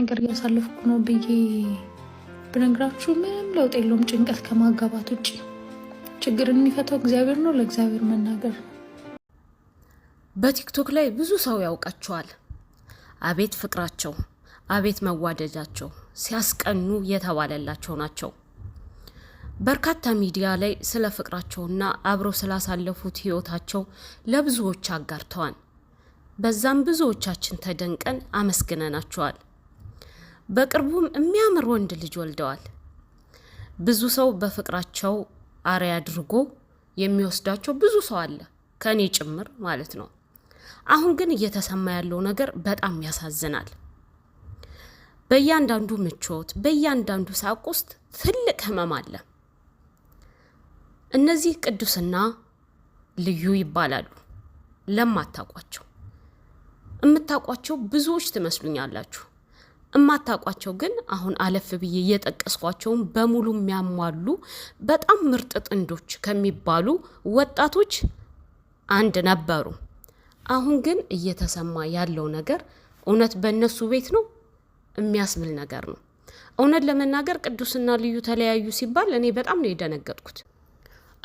ነገር እያሳለፍኩ ነው ብዬ ብነግራችሁ ምንም ለውጥ የለውም። ጭንቀት ከማጋባት ውጭ ችግርን የሚፈታው እግዚአብሔር ነው። ለእግዚአብሔር መናገር በቲክቶክ ላይ ብዙ ሰው ያውቃቸዋል። አቤት ፍቅራቸው፣ አቤት መዋደጃቸው ሲያስቀኑ የተባለላቸው ናቸው። በርካታ ሚዲያ ላይ ስለ ፍቅራቸውና አብረው ስላሳለፉት ህይወታቸው ለብዙዎች አጋርተዋል። በዛም ብዙዎቻችን ተደንቀን አመስግነናቸዋል። በቅርቡም የሚያምር ወንድ ልጅ ወልደዋል። ብዙ ሰው በፍቅራቸው አርአያ አድርጎ የሚወስዳቸው ብዙ ሰው አለ፣ ከእኔ ጭምር ማለት ነው። አሁን ግን እየተሰማ ያለው ነገር በጣም ያሳዝናል። በእያንዳንዱ ምቾት፣ በእያንዳንዱ ሳቅ ውስጥ ትልቅ ህመም አለ። እነዚህ ቅዱስና ልዩ ይባላሉ። ለማታውቋቸው የምታውቋቸው ብዙዎች ትመስሉኛላችሁ። እማታውቋቸው ግን አሁን አለፍ ብዬ እየጠቀስኳቸውን በሙሉ የሚያሟሉ በጣም ምርጥ ጥንዶች ከሚባሉ ወጣቶች አንድ ነበሩ። አሁን ግን እየተሰማ ያለው ነገር እውነት በእነሱ ቤት ነው የሚያስብል ነገር ነው። እውነት ለመናገር ቅዱስና ልዩ ተለያዩ ሲባል እኔ በጣም ነው የደነገጥኩት።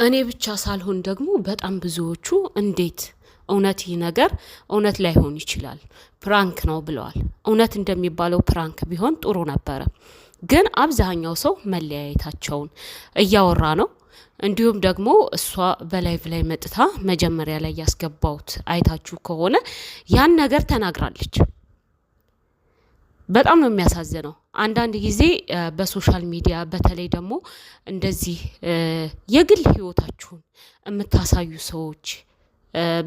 እኔ ብቻ ሳልሆን ደግሞ በጣም ብዙዎቹ እንዴት እውነት ይህ ነገር እውነት ላይሆን ይችላል ፕራንክ ነው ብለዋል። እውነት እንደሚባለው ፕራንክ ቢሆን ጥሩ ነበረ። ግን አብዛኛው ሰው መለያየታቸውን እያወራ ነው። እንዲሁም ደግሞ እሷ በላይቭ ላይ መጥታ መጀመሪያ ላይ ያስገባውት አይታችሁ ከሆነ ያን ነገር ተናግራለች። በጣም ነው የሚያሳዝነው። አንዳንድ ጊዜ በሶሻል ሚዲያ በተለይ ደግሞ እንደዚህ የግል ህይወታችሁን የምታሳዩ ሰዎች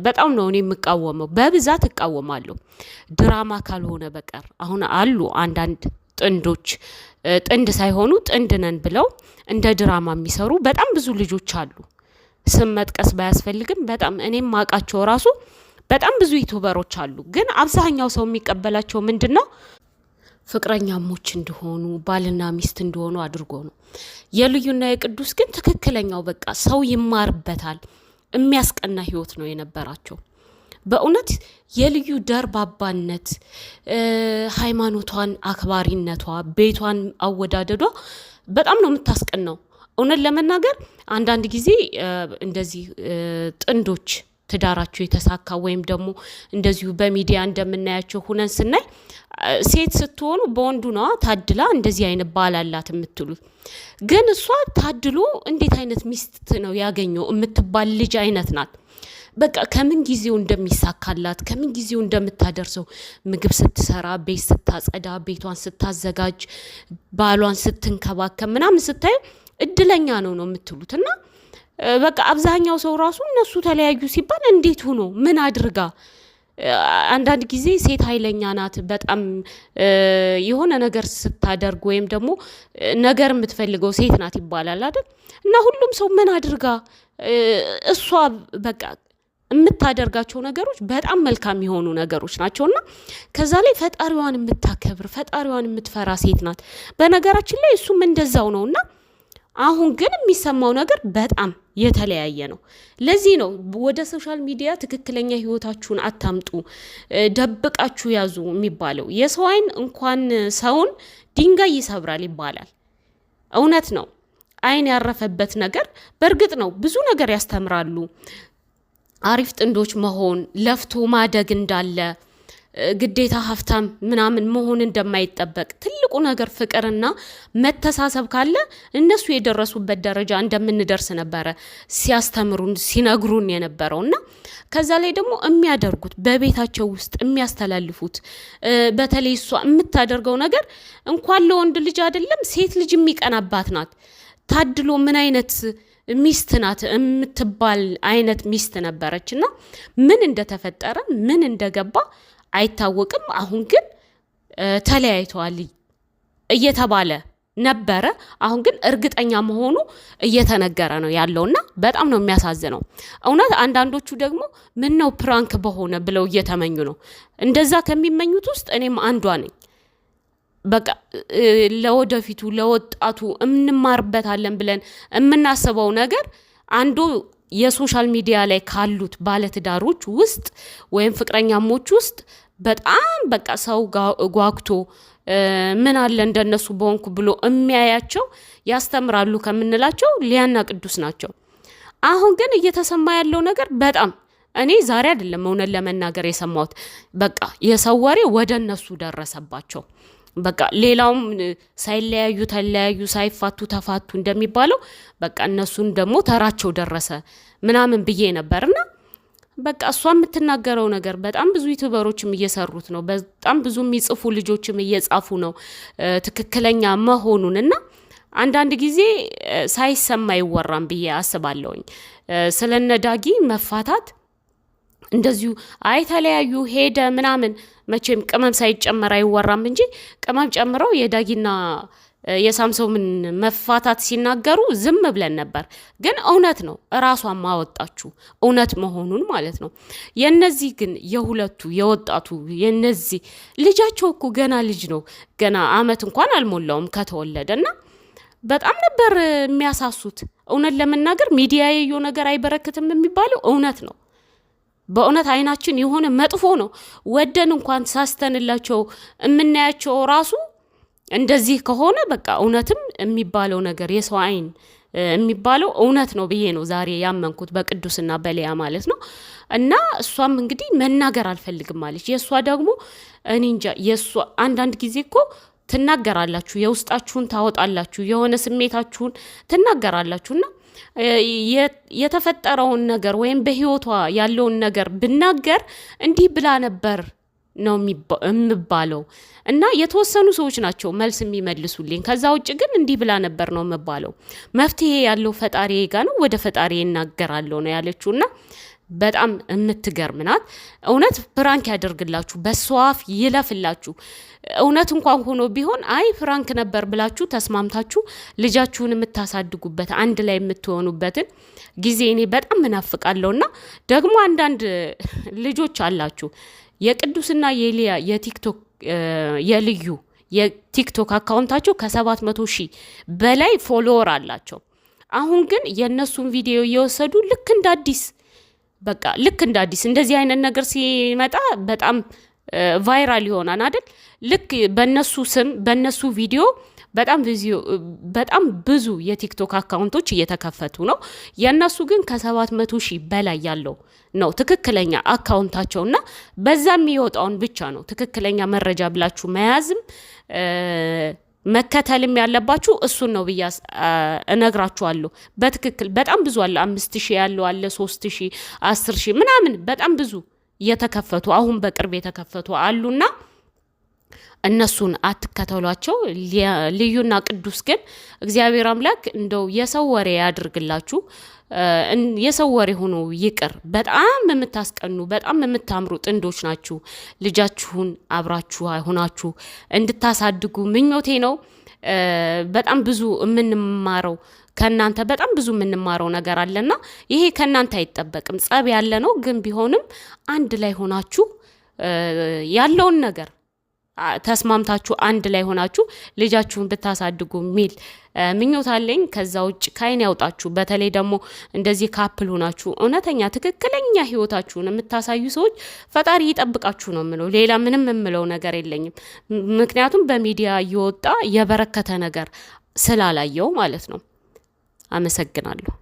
በጣም ነው እኔ የምቃወመው፣ በብዛት እቃወማለሁ። ድራማ ካልሆነ በቀር አሁን አሉ አንዳንድ ጥንዶች ጥንድ ሳይሆኑ ጥንድ ነን ብለው እንደ ድራማ የሚሰሩ በጣም ብዙ ልጆች አሉ። ስም መጥቀስ ባያስፈልግም በጣም እኔም ማቃቸው ራሱ በጣም ብዙ ዩቱበሮች አሉ። ግን አብዛኛው ሰው የሚቀበላቸው ምንድን ነው ፍቅረኛሞች እንደሆኑ ባልና ሚስት እንደሆኑ አድርጎ ነው። የልዩና የቅዱስ ግን ትክክለኛው በቃ ሰው ይማርበታል የሚያስቀና ህይወት ነው የነበራቸው። በእውነት የልዩ ደርባባነት፣ ሃይማኖቷን አክባሪነቷ፣ ቤቷን አወዳደዷ በጣም ነው የምታስቀናው። እውነት ለመናገር አንዳንድ ጊዜ እንደዚህ ጥንዶች ትዳራቸው የተሳካ ወይም ደግሞ እንደዚሁ በሚዲያ እንደምናያቸው ሁነን ስናይ ሴት ስትሆኑ በወንዱ ነዋ ታድላ እንደዚህ አይነት ባል አላት የምትሉት፣ ግን እሷ ታድሎ እንዴት አይነት ሚስት ነው ያገኘው የምትባል ልጅ አይነት ናት። በቃ ከምን ጊዜው እንደሚሳካላት ከምን ጊዜው እንደምታደርሰው ምግብ ስትሰራ፣ ቤት ስታጸዳ፣ ቤቷን ስታዘጋጅ፣ ባሏን ስትንከባከብ ምናምን ስታዩ እድለኛ ነው ነው የምትሉት እና በቃ አብዛኛው ሰው ራሱ እነሱ ተለያዩ ሲባል እንዴት ሆኖ ምን አድርጋ አንዳንድ ጊዜ ሴት ኃይለኛ ናት። በጣም የሆነ ነገር ስታደርግ ወይም ደግሞ ነገር የምትፈልገው ሴት ናት ይባላል አይደል? እና ሁሉም ሰው ምን አድርጋ እሷ በቃ የምታደርጋቸው ነገሮች በጣም መልካም የሆኑ ነገሮች ናቸው እና ከዛ ላይ ፈጣሪዋን የምታከብር ፈጣሪዋን የምትፈራ ሴት ናት። በነገራችን ላይ እሱም እንደዛው ነው እና አሁን ግን የሚሰማው ነገር በጣም የተለያየ ነው። ለዚህ ነው ወደ ሶሻል ሚዲያ ትክክለኛ ህይወታችሁን አታምጡ፣ ደብቃችሁ ያዙ የሚባለው። የሰው አይን እንኳን ሰውን ድንጋይ ይሰብራል ይባላል። እውነት ነው። አይን ያረፈበት ነገር በእርግጥ ነው ብዙ ነገር ያስተምራሉ። አሪፍ ጥንዶች መሆን፣ ለፍቶ ማደግ እንዳለ ግዴታ ሀብታም ምናምን መሆን እንደማይጠበቅ ትልቁ ነገር ፍቅርና መተሳሰብ ካለ እነሱ የደረሱበት ደረጃ እንደምንደርስ ነበረ ሲያስተምሩን ሲነግሩን የነበረው እና ከዛ ላይ ደግሞ የሚያደርጉት በቤታቸው ውስጥ የሚያስተላልፉት በተለይ እሷ የምታደርገው ነገር እንኳን ለወንድ ልጅ አይደለም ሴት ልጅ የሚቀናባት ናት። ታድሎ ምን አይነት ሚስት ናት የምትባል አይነት ሚስት ነበረች እና ምን እንደተፈጠረ ምን እንደገባ አይታወቅም። አሁን ግን ተለያይተዋል እየተባለ ነበረ። አሁን ግን እርግጠኛ መሆኑ እየተነገረ ነው ያለውና በጣም ነው የሚያሳዝነው እውነት። አንዳንዶቹ ደግሞ ምን ነው ፕራንክ በሆነ ብለው እየተመኙ ነው። እንደዛ ከሚመኙት ውስጥ እኔም አንዷ ነኝ። በቃ ለወደፊቱ ለወጣቱ እንማርበታለን ብለን የምናስበው ነገር አንዱ የሶሻል ሚዲያ ላይ ካሉት ባለትዳሮች ውስጥ ወይም ፍቅረኛሞች ውስጥ በጣም በቃ ሰው ጓጉቶ ምን አለ እንደነሱ በሆንኩ ብሎ የሚያያቸው ያስተምራሉ ከምንላቸው ሊያና ቅዱስ ናቸው። አሁን ግን እየተሰማ ያለው ነገር በጣም እኔ ዛሬ አይደለም እውነት ለመናገር የሰማሁት፣ በቃ የሰው ወሬ ወደ እነሱ ደረሰባቸው። በቃ ሌላውም ሳይለያዩ ተለያዩ፣ ሳይፋቱ ተፋቱ እንደሚባለው በቃ እነሱን ደግሞ ተራቸው ደረሰ ምናምን ብዬ ነበርና በቃ እሷ የምትናገረው ነገር በጣም ብዙ ዩቱበሮችም እየሰሩት ነው። በጣም ብዙ የሚጽፉ ልጆችም እየጻፉ ነው ትክክለኛ መሆኑን እና አንዳንድ ጊዜ ሳይሰማ አይወራም ብዬ አስባለሁኝ ስለነ ዳጊ መፋታት እንደዚሁ አይ ተለያዩ ሄደ ምናምን መቼም ቅመም ሳይጨመር አይወራም እንጂ ቅመም ጨምረው የዳጊና የሳምሶምን መፋታት ሲናገሩ ዝም ብለን ነበር። ግን እውነት ነው፣ እራሷን ማወጣችሁ እውነት መሆኑን ማለት ነው። የነዚህ ግን የሁለቱ የወጣቱ የነዚህ ልጃቸው እኮ ገና ልጅ ነው፣ ገና አመት እንኳን አልሞላውም ከተወለደ እና በጣም ነበር የሚያሳሱት። እውነት ለመናገር ሚዲያ የየው ነገር አይበረክትም የሚባለው እውነት ነው። በእውነት አይናችን የሆነ መጥፎ ነው። ወደን እንኳን ሳስተንላቸው የምናያቸው ራሱ እንደዚህ ከሆነ በቃ እውነትም የሚባለው ነገር የሰው አይን የሚባለው እውነት ነው ብዬ ነው ዛሬ ያመንኩት በቅዱስና በሊያ ማለት ነው። እና እሷም እንግዲህ መናገር አልፈልግም አለች። የእሷ ደግሞ እኔ እንጃ የእሷ አንዳንድ ጊዜ እኮ ትናገራላችሁ፣ የውስጣችሁን ታወጣላችሁ፣ የሆነ ስሜታችሁን ትናገራላችሁና የተፈጠረውን ነገር ወይም በህይወቷ ያለውን ነገር ብናገር እንዲህ ብላ ነበር ነው የምባለው እና የተወሰኑ ሰዎች ናቸው መልስ የሚመልሱልኝ። ከዛ ውጭ ግን እንዲህ ብላ ነበር ነው የምባለው። መፍትሄ ያለው ፈጣሪ ጋ ነው፣ ወደ ፈጣሪ እናገራለሁ ነው ያለችው እና በጣም የምትገርም ናት። እውነት ፍራንክ ያደርግላችሁ፣ በሰዋፍ ይለፍላችሁ። እውነት እንኳን ሆኖ ቢሆን አይ ፍራንክ ነበር ብላችሁ ተስማምታችሁ ልጃችሁን የምታሳድጉበት አንድ ላይ የምትሆኑበትን ጊዜ እኔ በጣም እና ደግሞ አንዳንድ ልጆች አላችሁ የቅዱስና የሊያ የቲክቶክ የልዩ የቲክቶክ አካውንታቸው ከሰባት መቶ ሺህ በላይ ፎሎወር አላቸው። አሁን ግን የእነሱን ቪዲዮ እየወሰዱ ልክ እንደ አዲስ በቃ ልክ እንደ አዲስ እንደዚህ አይነት ነገር ሲመጣ በጣም ቫይራል ይሆናል አይደል? ልክ በነሱ ስም በነሱ ቪዲዮ በጣም በጣም ብዙ የቲክቶክ አካውንቶች እየተከፈቱ ነው። የእነሱ ግን ከሰባት መቶ ሺህ በላይ ያለው ነው ትክክለኛ አካውንታቸው እና በዛ የሚወጣውን ብቻ ነው ትክክለኛ መረጃ ብላችሁ መያዝም መከተልም ያለባችሁ እሱን ነው ብዬ እነግራችኋለሁ። በትክክል በጣም ብዙ አለ፣ አምስት ሺህ ያለው አለ፣ ሶስት ሺህ አስር ሺህ ምናምን በጣም ብዙ የተከፈቱ አሁን በቅርብ የተከፈቱ አሉና እነሱን አትከተሏቸው። ልዩና ቅዱስ ግን እግዚአብሔር አምላክ እንደው የሰው ወሬ ያድርግላችሁ። የሰው ወሬ ሆኖ ይቅር። በጣም የምታስቀኑ በጣም የምታምሩ ጥንዶች ናችሁ። ልጃችሁን አብራችሁ አይሆናችሁ እንድታሳድጉ ምኞቴ ነው። በጣም ብዙ የምንማረው ከእናንተ በጣም ብዙ የምንማረው ነገር አለና ይሄ ከእናንተ አይጠበቅም። ጸብ ያለ ነው ግን ቢሆንም አንድ ላይ ሆናችሁ ያለውን ነገር ተስማምታችሁ አንድ ላይ ሆናችሁ ልጃችሁን ብታሳድጉ የሚል ምኞት አለኝ። ከዛ ውጭ ከአይን ያውጣችሁ። በተለይ ደግሞ እንደዚህ ካፕል ሆናችሁ እውነተኛ ትክክለኛ ህይወታችሁን የምታሳዩ ሰዎች ፈጣሪ ይጠብቃችሁ ነው የምለው። ሌላ ምንም የምለው ነገር የለኝም። ምክንያቱም በሚዲያ እየወጣ የበረከተ ነገር ስላላየው ማለት ነው። አመሰግናለሁ።